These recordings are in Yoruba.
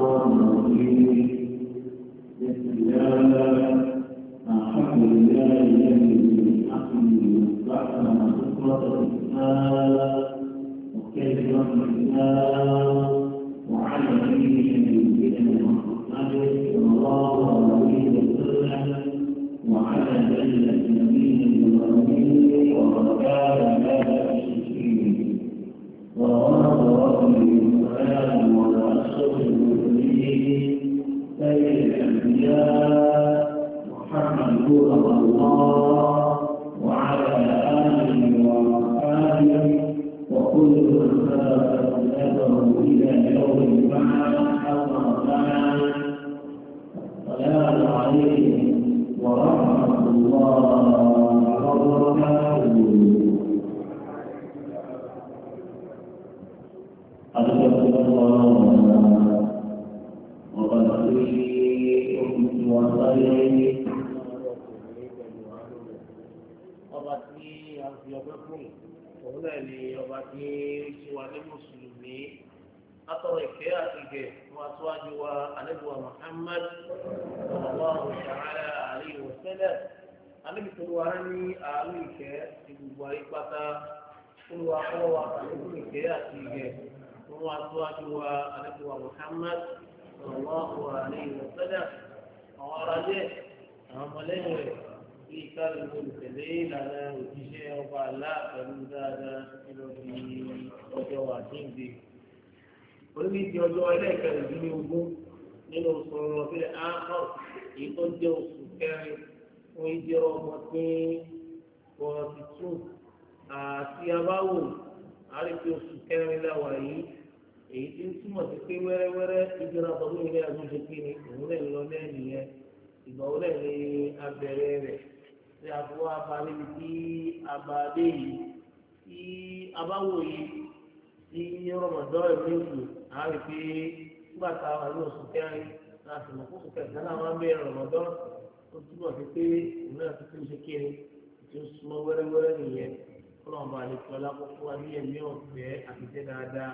الشيطان الرجيم بسم الله الحمد لله وعلى دين سيدنا محمد صلى الله عليه وسلم وعلى جنة ربي السلام على أشرف سيد الأنبياء محمد رسول الله وعلى آله وأصحابه وكل من سلك سلكه إلى يوم البعث أما بعد السلام عليكم ọba tí a fi ọpẹ́ fún òun náà ni ọba tí ó ṣe wa ní mùsùlùmí atọrọ ìfẹ́ àtìgẹ̀ wọn aṣáájú wa alẹ́bùwà Muhammad sallallahu ta'ala alaihi wa sallam alẹ́bùsọ̀rọ̀ wa ní àánú ìfẹ́ ti gbogbo ayé pátá olùwà kọ́ wa alẹ́bùn ìfẹ́ àtìgẹ̀ wọn aṣáájú wa alẹ́bùwà Muhammad sallallahu alaihi wa sallam àwọn aráyé àwọn ọmọlẹ́yìn rẹ̀ ìkàlù olùtẹ̀lé ìlànà òjíṣẹ́ ọba aláàbẹ̀rù dáadáa títí lọ sí ọjọ́ àjíǹde. orí ti ọjọ́ ẹlẹ́ẹ̀kẹrìndínlógún nínú oṣù ọlọ́bẹ̀ ahọ́n èyí tó jẹ́ oṣù kẹrin fún ìdí ọmọ pé forty two àti abáwò àríkí oṣù kẹrin láwàá yìí èyí tí ń túmọ̀ sí pé wẹ́rẹ́wẹ́rẹ́ ìjọba pẹ̀lú ilé àtúnṣe kí ni òun lè lọ lẹ́yìn yẹn ìgbà wo lẹ́yìn abẹ́rẹ́ rẹ̀ tí a bọ́ apá níbi tí a bá dé yìí tí a bá wò yìí tí rọmọdọ́ ẹ̀mí ìlú a rí pé nígbà tá a wà ní oṣù kẹrin a sì mọ̀ fún kẹta náà wọ́n bẹ̀rẹ̀ rọmọdọ́ tó túbọ̀ sí pé òun náà ti tún ṣe kiri tí ó súnmọ́ wẹ́rẹ́wẹ́rẹ́ nìyẹn kọ́lọ́mù àlejò alákọ̀ọ́kọ́ wa ní ẹ̀mí ọ̀fẹ́ àtijọ́ dáadáa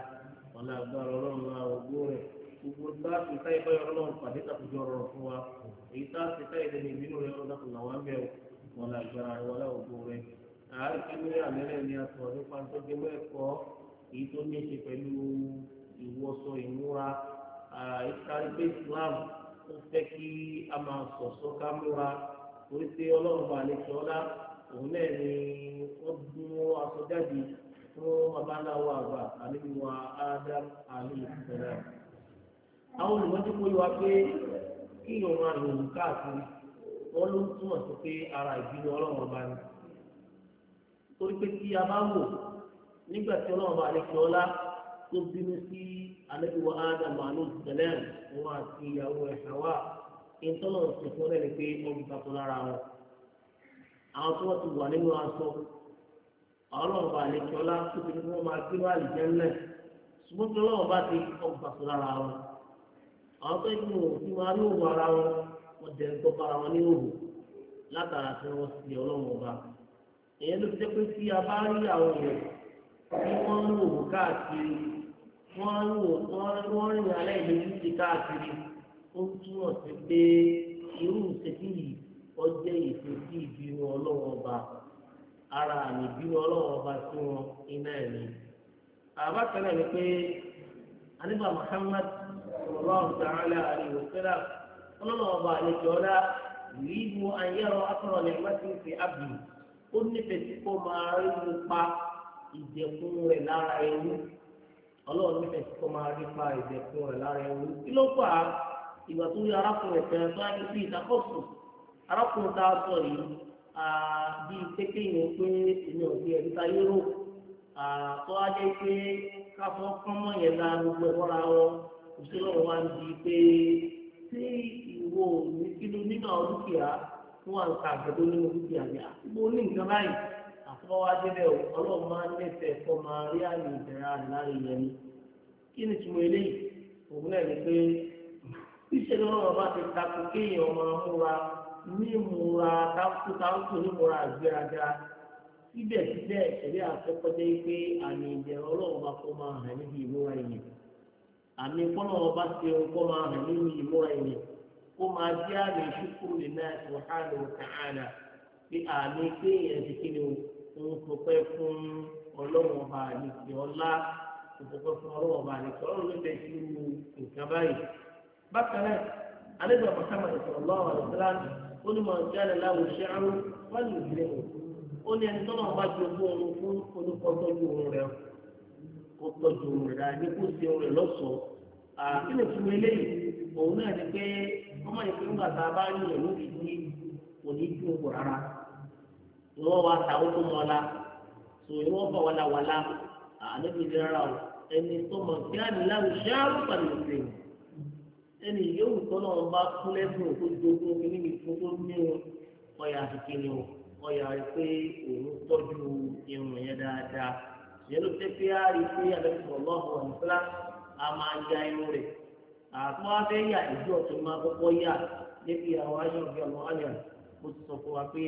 ọ̀la agbára ọlọ́run wa ògbó rẹ̀ gbogbo táà sí táyé báyọ̀ ọlọ́run pàdé tàbí jọ̀rọ̀ fún wa èyí táà táyé lẹ́nu ìbínú rẹ̀ ọlọ́dàkùnà wa ń bẹ̀rù wọn lágbára wọn láwùjọ rẹ ààrẹ kíndìnrín ni a sọ̀rọ̀ nípa tó dé mọ́ ẹ̀kọ́ èyí tó ní ṣe pẹ̀lú ìwọṣọ ìmúra ìkárí Islam ó fẹ́ kí a máa sọ̀sọ́ ká múra orí pé ọlọ́run bá lè sọ́lá òun náà ni ó dún aṣọ fún babaláwo àgbà àlejò wa Adam alayhi salam àwọn olùmọ́jú kó yọ wá pé kí ìrọ̀rùn àrùn káàkiri. wọ́n ló ń túmọ̀ sí pé ara ìbínú ọlọ́run ọba ni torí pé tí a bá wò nígbà tí ọlọ́run ọba àlejò ọlá tó bínú sí ádámù àlóòtú tẹ̀lẹ́ àti ìyàwó pé wọ́n ti takò lára wọn àwọn tí wọ́n ti wà nínú aṣọ ọlọ́run ọba wọ́n jẹ́ ń tọ́pára wọn ní òwò látara tí wọ́n sì ọlọ́run ọba èyí ló fi jẹ́ pé tí a bá rí àwọn èèyàn tí wọ́n ń wò káàkiri wọ́n ń wò wọ́n rìn aláìlójútì káàkiri ó túmọ̀ sí pé irú ìṣètì yìí ọjẹ́ ìṣètì ìbínú ọlọ́run ọba ara àmì ìbínú ọlọ́run ọba sí wọn iná ẹ̀ ni àbákẹ́lẹ̀ ni pé anígbà Muhammad sallallahu ta'ala alaihi wasallam ọlọ́run ọba àlejò ọ̀la yìí mu ayẹ́rọ akọ̀rọ̀ ní ẹgbẹ́sì ti abdul ó nífẹ̀ẹ́ máa rí mu pa ìjẹ̀kùn rẹ̀ lára ewu ọlọ́run nífẹ̀ẹ́ tí kò máa rí pa ìjẹ̀kùn rẹ̀ lára ewu kí ló fà á ìgbà tó yẹ arákùnrin tó ìtakọ̀sùn a sọ yìí bíi yúrò tó ṣé ìwò ní kí ló nínú àwọn fún àǹkà àgbẹ̀dọ́ nínú dúkìá ni àtúgbò ah, ní nǹkan báyìí àfọwọ́ adébẹ̀ ọlọ́run máa ń lẹ́fẹ̀ẹ́ kọ́ máa rí àyè ìbẹ̀rẹ̀ àrùn láàrin yẹn ni kí ni túmọ̀ eléyìí òun náà pé iṣẹ́ bá ti takò kéèyàn múra àgbéraga síbẹ̀síbẹ̀ ẹ̀rí àfẹ́kọ́jẹ́ pé ìbẹ̀rẹ̀ àmì kọ́nà ọba ṣe kọ́ máa rìn nínú ìmúra ẹ̀yìn kó máa jẹ́ àmì ṣùkúrù lè náà subhanahu wa ta'ala bí àmì kéèyàn ti kí ni òun kò pẹ́ fún ọlọ́run ọba àlejò ọlá òkòkò fún ọlọ́run ọba àlejò ọlọ́run ló bẹ̀ẹ́ sí nǹkan báyìí. bákan náà alẹ́gbẹ̀ẹ́ Muhammad sallallahu alaihi wasallam ó ní màá jẹ́ àlẹ́ láwùjọ wọ́n lè gbé wọn ó ní ẹni tọ́nà ọba jogún òun kó tọ́jú ohun rẹ̀ dáa ní kó ṣe ohun rẹ̀ lọ́sọ̀ọ́ àkílẹ̀ fún eléyìí òun náà ni pé ọmọ yìí fún bàtà bá ń yàn lórí ní òní dùn kù rárá ìwọ́n wa ta ó tó mọ́ la tò ìwọ́n fà wàlàwàlà àdébí ti rárá o ẹni tó mọ̀ kí á nílá o ṣé àrùn pàdé òfin ẹni yóò tọ́ náà bá kú lẹ́sìn òkú dogun kíní mi fún tó ní o ọ̀yà àti kíni o ọ̀yà rẹ̀ pé òun tọ́jú irun yẹn dáadáa yẹn ló jẹ́ pé a rí i pé àdàbí sọ̀rọ̀ lọ́wọ́ àdìsílá a máa ya irun rẹ̀ àtúwọ́ abẹ́ yà ìdí ọ̀tún máa kọ́kọ́ yà níbi àwọn ayé ọ̀gbẹ́ ọ̀nà àyà mo ti sọ fún wa pé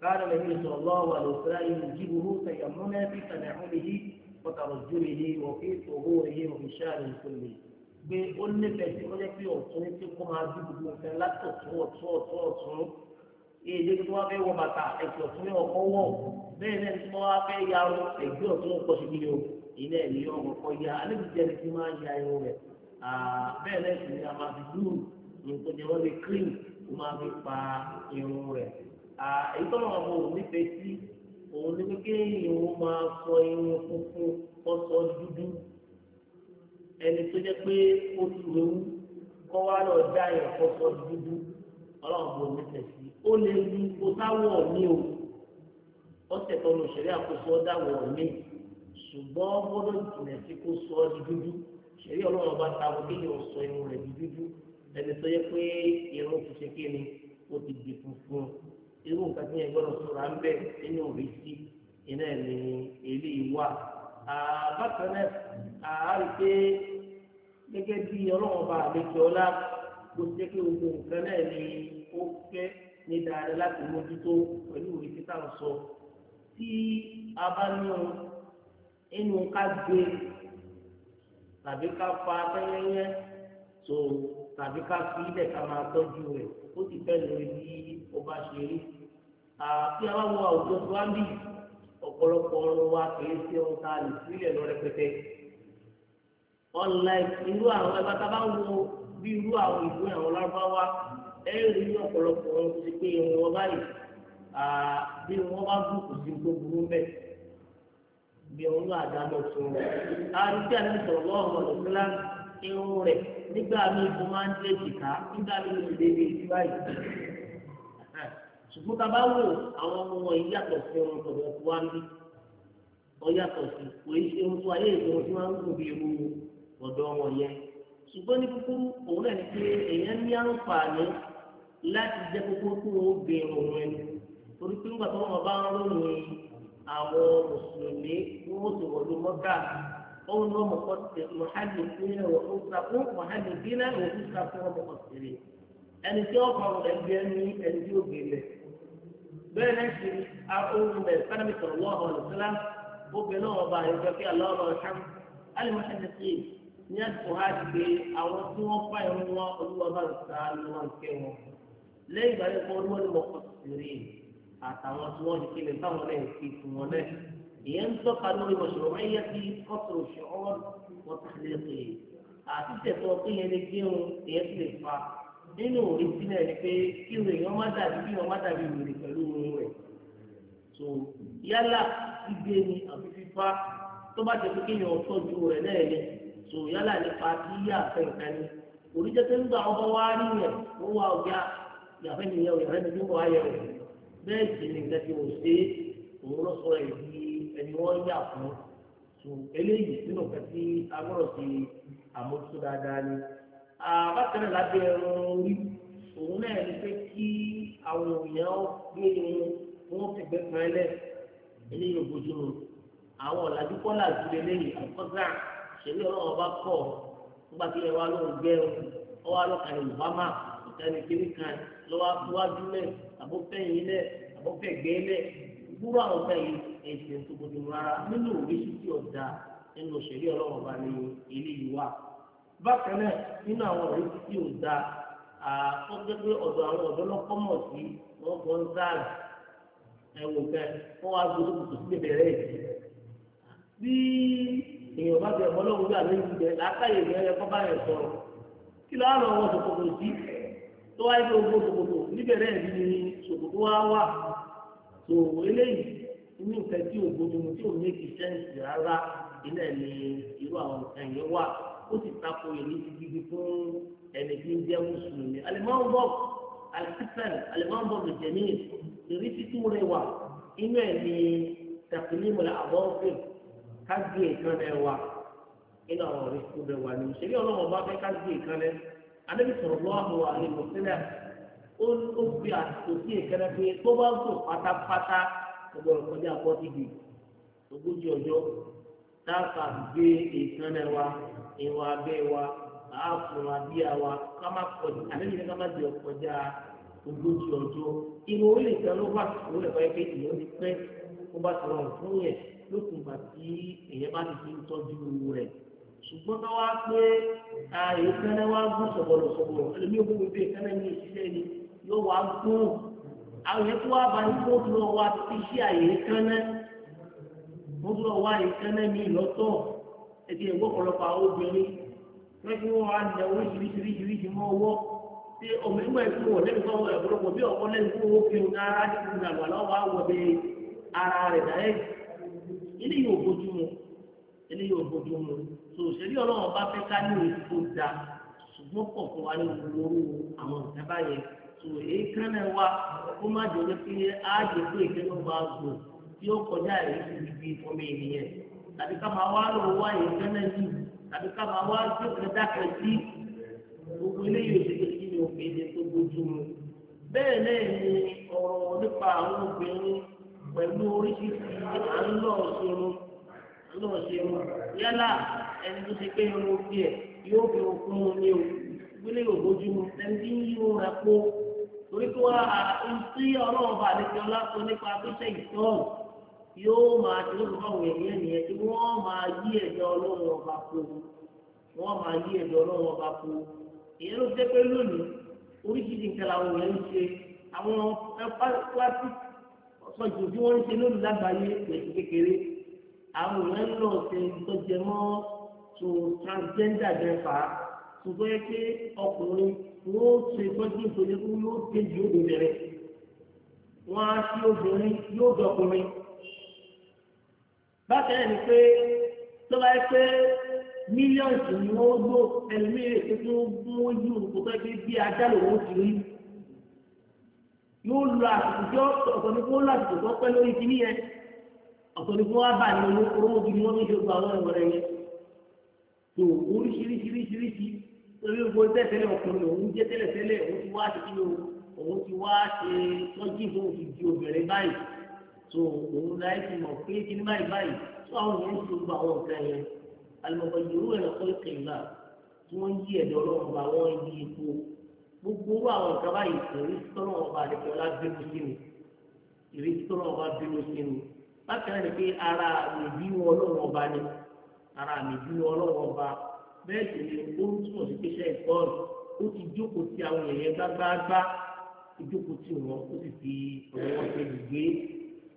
káàdà lẹ́yìn sọ̀rọ̀ lọ́wọ́ àdìsílá yìí jìbù hù sẹ̀yà múnẹ́ bí sàdẹ̀húnmihì pọ̀tàrọ̀júmihì wọ̀fí ìṣòwò èyí òfìṣà rẹ̀ ìṣòlè gbé ó nífẹ̀ẹ́ sí ọjọ́ pé ọ̀tún ní tí kò máa dúdú nǹkan látọ̀tún ọ̀tún ilé tí wọ́n fẹ́ wọ bàtà ẹ̀sìn ọ̀tún ní ọkọ̀ wọ̀ bẹ́ẹ̀ náà tí wọ́n fẹ́ ya ọ ẹ̀gbẹ́ ọ̀tún ọkọ̀ sí yíyọ ilé ẹ̀mí ọkọ̀ ya alébìjẹ́ni tí máa ya irun rẹ̀ bẹ́ẹ̀ náà sì ni a máa fi dúró nǹkan jẹ́ wọ́n lè cream tó máa fi pa irun rẹ̀ èyí tó máa mọ òun nífẹ̀ẹ́ sí òun ní pé irun máa sọ irun funfun kọ́ sọ dúdú ẹni tó jẹ́ pé ó ti rẹ̀wú kọ́ wá lọ dá ẹ̀kọ́ sọ dúdú ọlọ́run bò nífẹ̀ẹ́ sí ó lè lu kótáwọ̀ mi o ọ̀sẹ̀ tó lọ ṣẹlẹ̀ àkóso ọ̀dáwọ̀ mi ṣùgbọ́n gbọ́dọ̀ jìnà sí kó sọ ọ́ di dúdú ṣẹlẹ̀ ọlọ́run bá ta àwọn kéèyàn sọ irun rẹ̀ di dúdú ẹni tó yẹ pé irun ti ṣe kí ni ó ti di funfun irú nǹkan tí yẹn gbọ́dọ̀ sọ̀rọ̀ ń bẹ̀ nínú òrìṣì iná ẹ̀ ní eléyìí bákan náà àárí pé gẹ́gẹ́ bí ọlọ́run bá àlejò ọlá kó jẹ́ kí gbogbo nǹkan náà ni ó fẹ́ ní dáadáa láti mójútó pẹ̀lú ìwé títà ń sọ. tí a bá ní o inú ká gbé tàbí ká fa tẹ́yẹ́yẹ́ tó tàbí ká fi ilẹ̀ ká máa tọ́jú rẹ̀ ó ti fẹ́ lórí bí ó bá ṣe rí. àti àwọn àwùjọ tó wá bì ọ̀pọ̀lọpọ̀ ọ̀rọ̀ wa kìí ṣe ohun tá a lè sílẹ̀ lọ rẹpẹtẹ. unlike irú àwọn ẹgbẹ́ bá ń wo bí irú àwọn ìlú àwọn lárúbáwá ẹ rí ní ọ̀pọ̀lọpọ̀ wọn ti pé irun wọn báyìí bí wọn bá gùn kò sí tó burú mbẹ bí wọn náà dáná fún wọn. àrùtí àti sọ̀rọ̀ ọ̀rọ̀ ìfúnlá irun rẹ̀ nígbà míì mo máa ń dé jìká nígbà míì mo lè dé ibi báyìí. ṣùgbọ́n tá a bá wò àwọn ọmọ wọn yìí yàtọ̀ sí irun tọ̀dọ̀ tó wá ń bí wọ́n yàtọ̀ sí kò í ṣe ohun tó ayé ìṣòro tí wọ́n ń gùn bí irú ọ̀dọ́ wọn yẹn ṣùgbọ́n ní kúkúrú òun náà ní pé èèyàn ní àǹfààní láti jẹ́ kúkúrú kí wọ́n gbé òun ẹni torí pé nígbà tó wọn bá ń ròyìn àwọn mùsùlùmí ní wọ́n ti wọ̀lú mọ́gà òun ní wọ́n mọ̀kọ́ ti mọ̀hálì sílẹ̀ wọ́n ó sà fún mọ̀hálì sílẹ̀ wọ́n ó sà fún ọmọkọ̀ sílẹ̀ ẹni tí ọkọ̀ rẹ̀ gbé ní ẹni tí ó gbé lẹ̀ bẹ́ẹ̀ náà ṣe ní àtúntò á ti pé àwọn tí wọ́n fà yẹn wọn olúwa bá ń sa ni wọ́n ń kẹ́ wọn lẹ́yìn ìgbà yẹn kọ́ olúwa ni wọ́n kọ́ sí rí àtàwọn tí wọ́n ti kílẹ̀ táwọn náà ti fún wọn náà ìyẹn ń tọ́ka lórí mọ̀ṣọ̀rọ̀ ẹ̀yẹ ti kọ́sọ̀ ṣọ́ọ́ wọ́n ti lè pè é àti tẹ̀sọ̀ pé yẹn lè gbéhùn ìyẹn ti lè fa nínú òrí sílẹ̀ ni pé kí èèyàn má dàbí kí èèyàn má dàbí wèrè pẹ̀lú ohun rẹ̀ so yálà gbígbé ni àfi fífa tó bá jẹ́ pé kéèyàn tọ́jú rẹ̀ lẹ́ẹ̀lẹ́sì tó yálà nípa kí yíyá àfẹ́ nǹkan ni òrìjẹ́ tó ń gba ọba wá rí yẹn ó wá ọjà yàfẹ́ nìyẹn òyàfẹ́ nìyẹn wá yẹ rẹ̀ bẹ́ẹ̀ sì ni nǹkan ti wò ṣe òun lọ sọ ẹ̀ di ẹni wọ́n yà fún tó eléyìí sínú nǹkan tí agbọ́dọ̀ ti àmójútó dáadáa ni àbákẹ́rẹ́ lábẹ́ ẹran orí òun náà ní pé kí àwọn èèyàn gbé wọn fẹ̀gbẹ́ kan ẹlẹ́ eléyìí ò bójú mu àwọn ọ̀làjú kọ́là ju àkọ́sà ṣèlú ọlọ́wọ́ bá kọ̀ nígbà tí ẹ wá ló ń gbẹ ọ wá lọ́ka yorùbá mà ìtẹ́ni kiri kan lọ́wọ́ wájú lẹ̀ àbófẹ́yìn lẹ̀ àbófẹ́gbẹ́ lẹ̀ gbúrò àwọn fẹ́yìn ẹ̀sìn tó gbogbo rárá nínú òwúrọ̀ tí ọ̀dà nínú ṣèlú ọlọ́wọ́ bá ní ilé yìí wà. bákan náà nínú àwọn òwúrọ̀ tí ọ̀dà àkọ́gbẹ́gbẹ́ ọ̀dọ̀ àwọn ọ̀dọ́ lọ́kọ́mọ̀ sí wọ́n gbọ́ ń sáàlì ẹ̀wọ̀n kẹ́ wọ́n wá gbọ́dọ̀ èèyàn bá bẹ ọmọ lọ́wọ́ gbà lórí ibẹ̀ látàyè ìyẹn ẹ̀kọ́ bá yẹn sọ̀rọ̀ kí ló á lọ wọ ṣòkòtò sí tó wáyé pé owó ṣòkòtò níbẹ̀rẹ̀ ni ṣòkòtò wá wà tó eléyìí inú ìfẹ́ tí ògbó ni mo tí ò méjì sẹ́ǹsì rárá ìpínlẹ̀ ni irú àwọn nǹkan yẹn wà ó sì tako èyí ti gidi fún ẹni tí ń jẹ́ mùsùlùmí alimọ́ńbọ̀ alikisan alimọ́ńbọ̀ lùjẹ̀mí ìrísí tó rẹwà inú ẹ̀ ni tàkìlímù làbọ́ọ̀fẹ́ ká gé èkán rẹ wa nínú àwọn ọ̀rẹ́ tó bẹ wà ní ìṣẹ̀lẹ̀ ọlọ́wọ́ bá fẹ́ ká gé èkán rẹ anábì sọ̀rọ̀ lọ́wọ́ àwọn àlè mọ̀sílẹ̀ ó ó fi àtò sí èkán pé tó bá pátápátá gbogbo ọ̀rọ̀ kọjá ogójì ọjọ́ táàkà gbé èkán wa ìwà abẹ́ wa àáfùn wa ká má kọjá ní ká má di ọkọjá ogójì ọjọ́ orílẹ̀ ìtàn ló bá sọ̀rọ̀ lókun ìgbà tí èèyàn bá ti fi ń tọ́jú rẹ̀ ṣùgbọ́n tó wá pé ààyè kẹ́lẹ́ wá gún sọ̀bọ̀lọ̀ sọ̀bọ̀lọ̀ ẹlẹ́mí ògùn gbogbo ìkẹ́lẹ́ ní ìṣiṣẹ́ ni yóò wá gún àwọn yẹn tó wá bá ní kó tó lọ wá ti ṣí ààyè kẹ́lẹ́ mo tó lọ wá ààyè kẹ́lẹ́ mi lọ́tọ̀ ẹ̀dí ẹ̀wọ́ ọ̀pọ̀lọpọ̀ àwọn obìnrin wọ́n fi wọ́n wá nà oríṣiríṣiríṣi mọ́ ọwọ́ tí ọmọ ìgbà ìfún wọn lẹ́nu fún ọ̀pọ̀lọpọ̀ bí ọ̀pọ̀ lẹ́nu fún owó fi ń ara rẹ̀ dáyẹ̀ ilé yóò bójú mu ilé yóò bójú mu tó òṣèré ọlọ́run bá fẹ́ ká ní òye tó da ṣùgbọ́n pọ̀ fún wa ní olóró àwọn ìjábá yẹn tó èyí kánà wa kó má jọ ní pé ààyè pé ìkẹ́lẹ́ máa gbò tí ó kọjá èyí tó fi fọmọ ènìyàn tàbí ká máa wá lọ wá èyí kánà yìí tàbí ká máa wá gbẹ̀gbẹ̀ dákẹ́ sí gbogbo ilé yóò ṣe kí ni òfin ilé tó bójú mu bẹ́ẹ̀ náà ni ọ̀rọ̀ nípa àwọn obìnrin pẹ̀lú oríṣiríṣi à ń lọ ṣerun ń lọ ṣerun yálà ẹni tó ṣe pé irun fi ẹ̀ yóò fi okun mu ní o ìpínlẹ̀ ògbójú mu ẹni tí ń yí irun rẹ̀ po torí pé wọ́n á sí ọlọ́run bá àdéhùn ọlá sọ nípa píṣẹ́ ìtọ́ọ̀nù yóò máa ti lóko fáwọn ènìyàn nìyẹn tí wọ́n máa yí ẹ̀dọ̀ ọlọ́run ọba po wọ́n máa yí ẹ̀dọ̀ ọlọ́run ọba po èyí ló jẹ́ pé lónìí oríṣiríṣi nǹkan làwọn èèyàn ń ṣe àwọn plastic pọ̀jù bí wọ́n ń ṣe lónìí lágbàáyé pẹ̀lú kékeré àwọn èèyàn ń lọ ṣe tó jẹ mọ́ tó transgender jẹ fà á ṣùgbọ́n yẹ pé ọkùnrin wọ́n ó ṣe tọ́jú ìtòjú fún yóò kejì obìnrin wọ́n á sí obìnrin yóò dọkùnrin. bákan náà ni pé tó bá yẹ pé mílíọ̀nù ni wọ́n lò ẹlòmíràn tó tún mú yìí òkú tó yẹ pé bí ajá lòun ti rí yóò lo àtijọ́ ọ̀tọ̀ ní kó lo àtijọ́ tó pẹ́ lórí kìíní yẹn ọ̀tọ̀ ní kó wá bà ní olú orówó gidi wọ́n fi ṣe gba ọlọ́run rẹ̀ yẹn tó oríṣiríṣiríṣiríṣi lórí gbogbo tẹ́tẹ́lẹ̀ ọkùnrin òun jẹ́ tẹ́lẹ̀ tẹ́lẹ̀ òun ti wá ṣe kíni òun ti wá ṣe tọ́jú fún òfin di obìnrin báyìí tó òun láì fi mọ̀ pé kíní báyìí báyìí tó àwọn òun ti gba àwọn nǹkan yẹn alùpàdé irú ẹ̀ lọ́kọ́ ìkẹyìnlá tí wọ́n yí ẹ̀dọ̀ ọlọ́run bá wọ́n yí epo gbogbo owó àwọn nǹkan báyìí ìrísí tọ́lọ́ wọn bá àdékọ́ lábẹ́mú sí ni ìrísí tọ́lọ́ wọn bá sí ni bákan náà ni pé ara mi bí wọn lọ́wọ́ ọba ni ara mi bí wọn lọ́wọ́ ọba bẹ́ẹ̀ sì ni ó ń túmọ̀ sí pẹ́ṣẹ́ ìkọ́ọ̀lù ó ti jókòó ti àwọn èèyàn gbágbáágbá ìjókòó ti wọn ó sì fi ọ̀rọ̀ wọn ṣe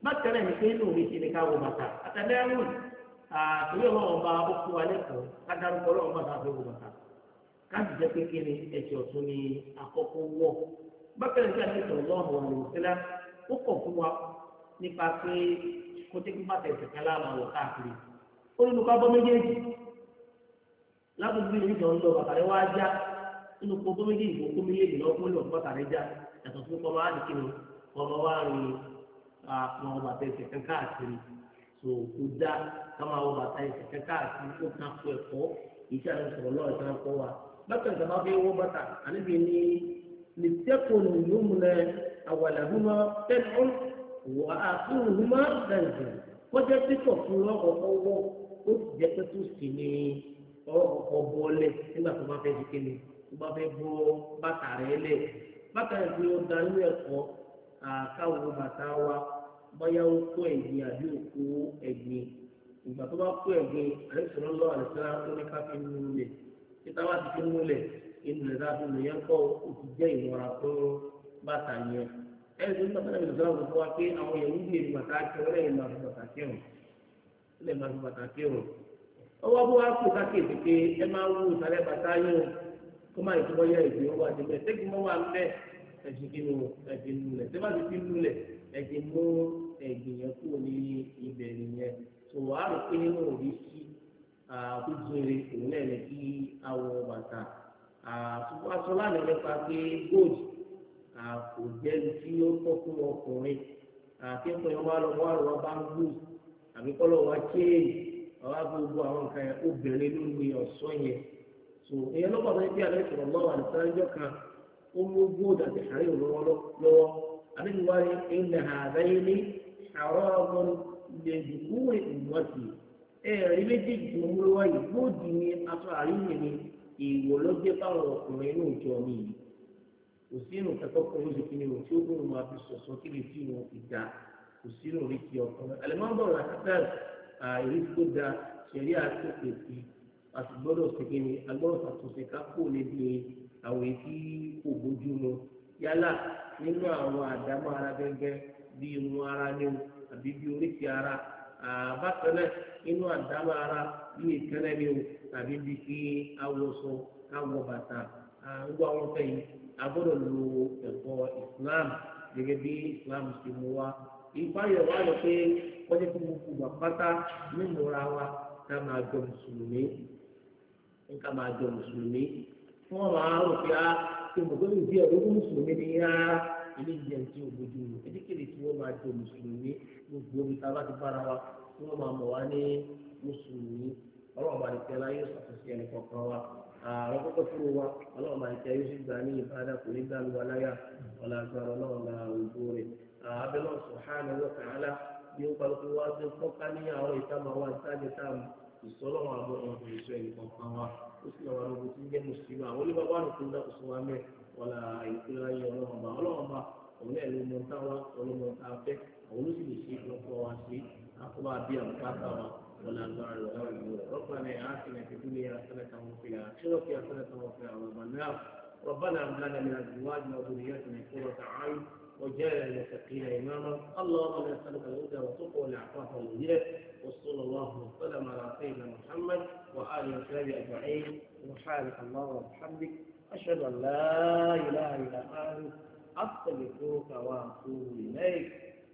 bákan náà ni pé inú mi ṣe ni ká wọ bàtà àtàlẹ́ ẹ̀rùn àtúwé wọn ọba ó fún wa lẹ́kọ̀ọ́ ká dárúkọ ọlọ́run bàtà àfẹ́ láti jẹ́ pé kí ni ẹ̀sìn ọ̀tún ni àkọ́kọ́ wọ̀ bákan náà ṣe sọ̀rọ̀ lọ́wọ́ àwọn olùsílẹ̀ ó kọ̀ fún wa nípa pé kó tẹ́ kí bàtà ẹ̀sìn kan láàmú àwọn káàkiri ó nínú ká bọ́ méjèèjì lábùgbé ìlú ìjọ ń lọ bàtà rẹ wá já nínú kó bọ́ méjèèjì kó méjèèjì lọ kó lọ bàtà rẹ já yàtọ̀ fún kọ́ máa nìkí ni kọ́ wá rin àwọn bàtà ẹ̀sìn káàkiri tó dá ká máa bàtà ẹ̀sìn káàkiri ó ká fún ẹ̀kọ́ ìṣàlùsọ̀rọ̀ lọ́ọ̀ ìṣàlùsọ̀rọ̀ wa lọ́kàn ìjọba bí wọ́n bọ́ta àníbi ní nìtẹ́kùn lùmùnẹ́ àwàlàhùmọ́ tẹ́kùn wà á fún lùmọ́ dànù kọjá títọ̀ fún lọ́kọ̀ọ́kọ́ wọ́ ó sì jẹ́ pé tó sì ní ọkọ̀ bọ́ọ̀lẹ̀ nígbà tó bá fẹ́ di kéde tó bá fẹ́ bọ́ bàtà rẹ̀ lẹ̀ bàtà rẹ̀ fi ọ̀dà inú ẹ̀kọ́ àkàwọ̀ bàtà wa bọ́yá ó kó ẹ̀gbin àbí òkú ẹ̀gbin ìgbà tó bá kó ẹ̀gbin àlẹ́ ìtawà ti tún múlẹ̀ inú rẹ̀ dáadọ́ ló yẹn kọ́ òtún jẹ́ ìmọ̀ra fún bàtà yẹn. ẹ̀rì tó ń bàtà mi lọ́wọ́ fún wa pé àwọn yẹn wúlò èrè bàtà kí ọ̀rẹ́ yẹn máa fi bàtà kí ọ̀rùn lè máa fi bàtà kí ọ̀rùn. ọwọ́ bó wá kó sákèsì pé ẹ máa wú ìsàlẹ̀ bàtà yẹn kó má ìtumọ̀ yẹ ìdí owó àti bẹ́ẹ̀ tẹ́kì mọ́ wà lẹ́ ẹ̀sìn kí nu ẹ̀sìn nulẹ̀ tẹ́ bá ti fi nulẹ̀ ẹ̀sìn mú ẹ̀gbìn yẹn kúrò ní ibẹ̀ nìyẹn tòwárò pé nínú òbí sí àkójọ eré òun náà ní kí awọ bàtà àtúwàsọlá ní nípa pé gold kò jẹ́ tí ó tọ́ fún ọkùnrin a yẹn wá lọ́wọ́ àrùn ọba ń gbù àbí kọ́lọ́ wa chéèjì ọba gbogbo àwọn nǹkan yẹn obìnrin ló yẹn so ìyẹn sọ̀rọ̀ lọ́wọ́ kan ó mú gold àti àárẹ̀ lọ́wọ́ ní àwọn ọmọ ẹ̀rí méjèèjì tó ń lọ́wọ́ yìí gbòdì ni aṣọ àríyìn ni èèwọ̀ ló dé báwọn ọkùnrin inú ìjọ mi yìí kò sínú kẹtọ́ kan oṣù kìíní o tí ó gbóhùn máa fi sọ̀sọ́ kí lè fi wọn ìdá kò sínú oríkì ọkùnrin alimọ́bọ̀rọ̀ àtàkàrẹ̀ èyí tó da ṣẹ̀rí àtúnṣe sí a sì gbọ́dọ̀ ṣèké ni a gbọ́dọ̀ ṣàtúnṣe ká kó lébi àwọn èyí kò bójú mu yálà nínú àwọn àdámọ́ ara gẹ́gẹ́ bíi irun ara ni o àbí bíi oríkì ara bákan náà inú àdámọ́ ara bí ìkẹ́lẹ́ ni o tàbí bí kí awọ́sọ awọ bàtà gbogbo àwọn ọ̀fẹ́ yìí a gbọ́dọ̀ ẹ̀kọ́ Islam gẹ́gẹ́ bí Islam ti mú wa ìpáyọ̀ wá lọ pé wọ́n ti fún gbogbo wa pátá mímúra wa ká máa jọ mùsùlùmí ká máa jọ mùsùlùmí fún ọ̀rọ̀ àárò pé a ti mọ̀ pé ìdí ẹ̀rọ mùsùlùmí ni yára ilé ìjẹun tí ò bójú mu ẹ̀díkèrè tí wọ́n máa jọ mùsùlùmí gbogbo omi tá a bá ti bára wa tí wọ́n máa mọ̀ wá ní mùsùlùmí ọlọ́run bá nìkẹ́ la yóò ṣàtúnṣe ẹnì kọ̀ọ̀kan wa ààrẹ kókó fún wa ọlọ́run bá nìkẹ́ yóò sì gbà ní ìbáradà kò ní gbà lù wá láyà ọ̀là agbára ọlọ́run la ògbó rẹ̀ abẹ́lẹ́ subhanahu wa ta'ala bí ó kálukú wá tó kọ́ká ní àwọn ìtàmà wa ìtàjẹ táàmù ìsọlọ́wọ́n àbọ̀ ọ̀hún ìṣọ ẹnì kọ̀ọ̀kan wa ó sì lọ́wọ́ àwọn ọmọ tí ń mùsùlùmí àwọn olùbàbà nìkan náà kò sọ wa mẹ́ ọ̀là ìpínlẹ̀ ayé ọlọ́run bá ọlọ́run bá òun náà ló mọ táwa ọlọ́run bá fẹ́ àwọn olùsìlè ṣe lọ́kọ́ wa ṣe àkọ́bá bí àbùkátà wa wọn là ń bá rẹ̀ lọ́wọ́ ìlú rẹ̀ rọ́pàá náà ربنا هب لنا من ازواجنا وذرياتنا قرة عين وجعل المتقين اماما اللهم انا نسالك الهدى والتقوى والعفاف والغنى وصلى الله وسلم على سيدنا محمد واله وصحبه اجمعين سبحانك اللهم وبحمدك اشهد ان لا اله الا انت استغفرك واتوب اليك